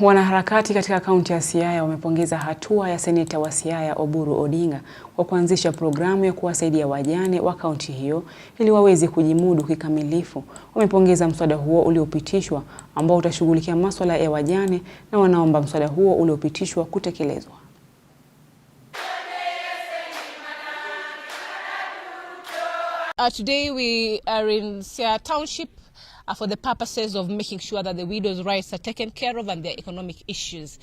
Wanaharakati katika kaunti ya Siaya wamepongeza hatua ya seneta wa Siaya Oburu Odinga kwa kuanzisha programu ya kuwasaidia wajane wa kaunti hiyo ili waweze kujimudu kikamilifu. Wamepongeza mswada huo uliopitishwa ambao utashughulikia masuala ya wajane na wanaomba mswada huo uliopitishwa kutekelezwa. Uh, today we are in Siaya Township. Uh, for the purposes of making sure that the widow's rights are taken care of and their economic issues.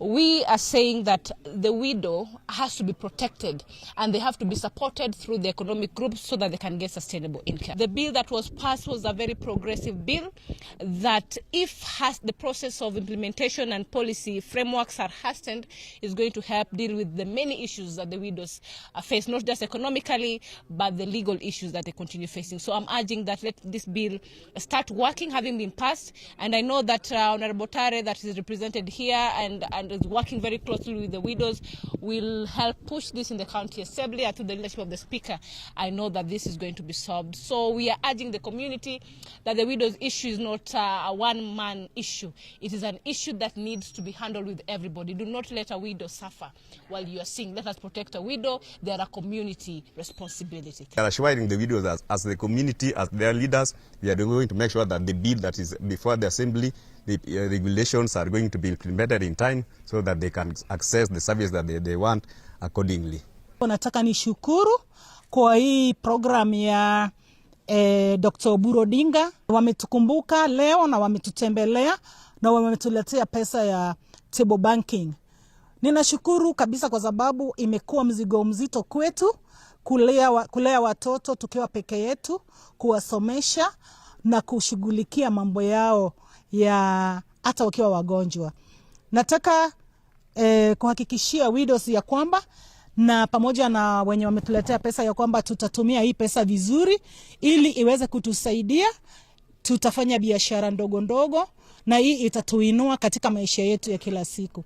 We are saying that the widow has to be protected and they have to be supported through the economic groups so that they can get sustainable income. The bill that was passed was a very progressive bill that if has the process of implementation and policy frameworks are hastened is going to help deal with the many issues that the widows uh, face, not just economically, but the legal issues that they continue facing. So I'm urging that let this bill start start working, having been passed. And I know that uh, Honorable Tare, that is represented here and, and is working very closely with the widows, will help push this in the county assembly through the leadership of the speaker. I know that this is going to be solved. So we are urging the community that the widows issue is not uh, a one-man issue. It is an issue that needs to be handled with everybody. Do not let a widow suffer while you are seeing. Let us protect a widow. They are a community responsibility. We are assuring the widows as, as the community, as their leaders, we are going to make make sure that the bill that is before the assembly, the uh, regulations are going to be implemented in time so that they can access the service that they, they want accordingly. Nataka nishukuru kwa hii program ya eh, Dr. Oburu Odinga. Wametukumbuka leo na wametutembelea na wametuletea pesa ya table banking. Ninashukuru kabisa kwa sababu imekuwa mzigo mzito kwetu kulea, wa, kulea watoto tukiwa peke yetu, kuwasomesha na kushughulikia mambo yao ya hata wakiwa wagonjwa. Nataka eh, kuhakikishia widows ya kwamba na pamoja na wenye wametuletea pesa ya kwamba tutatumia hii pesa vizuri, ili iweze kutusaidia. Tutafanya biashara ndogo ndogo, na hii itatuinua katika maisha yetu ya kila siku.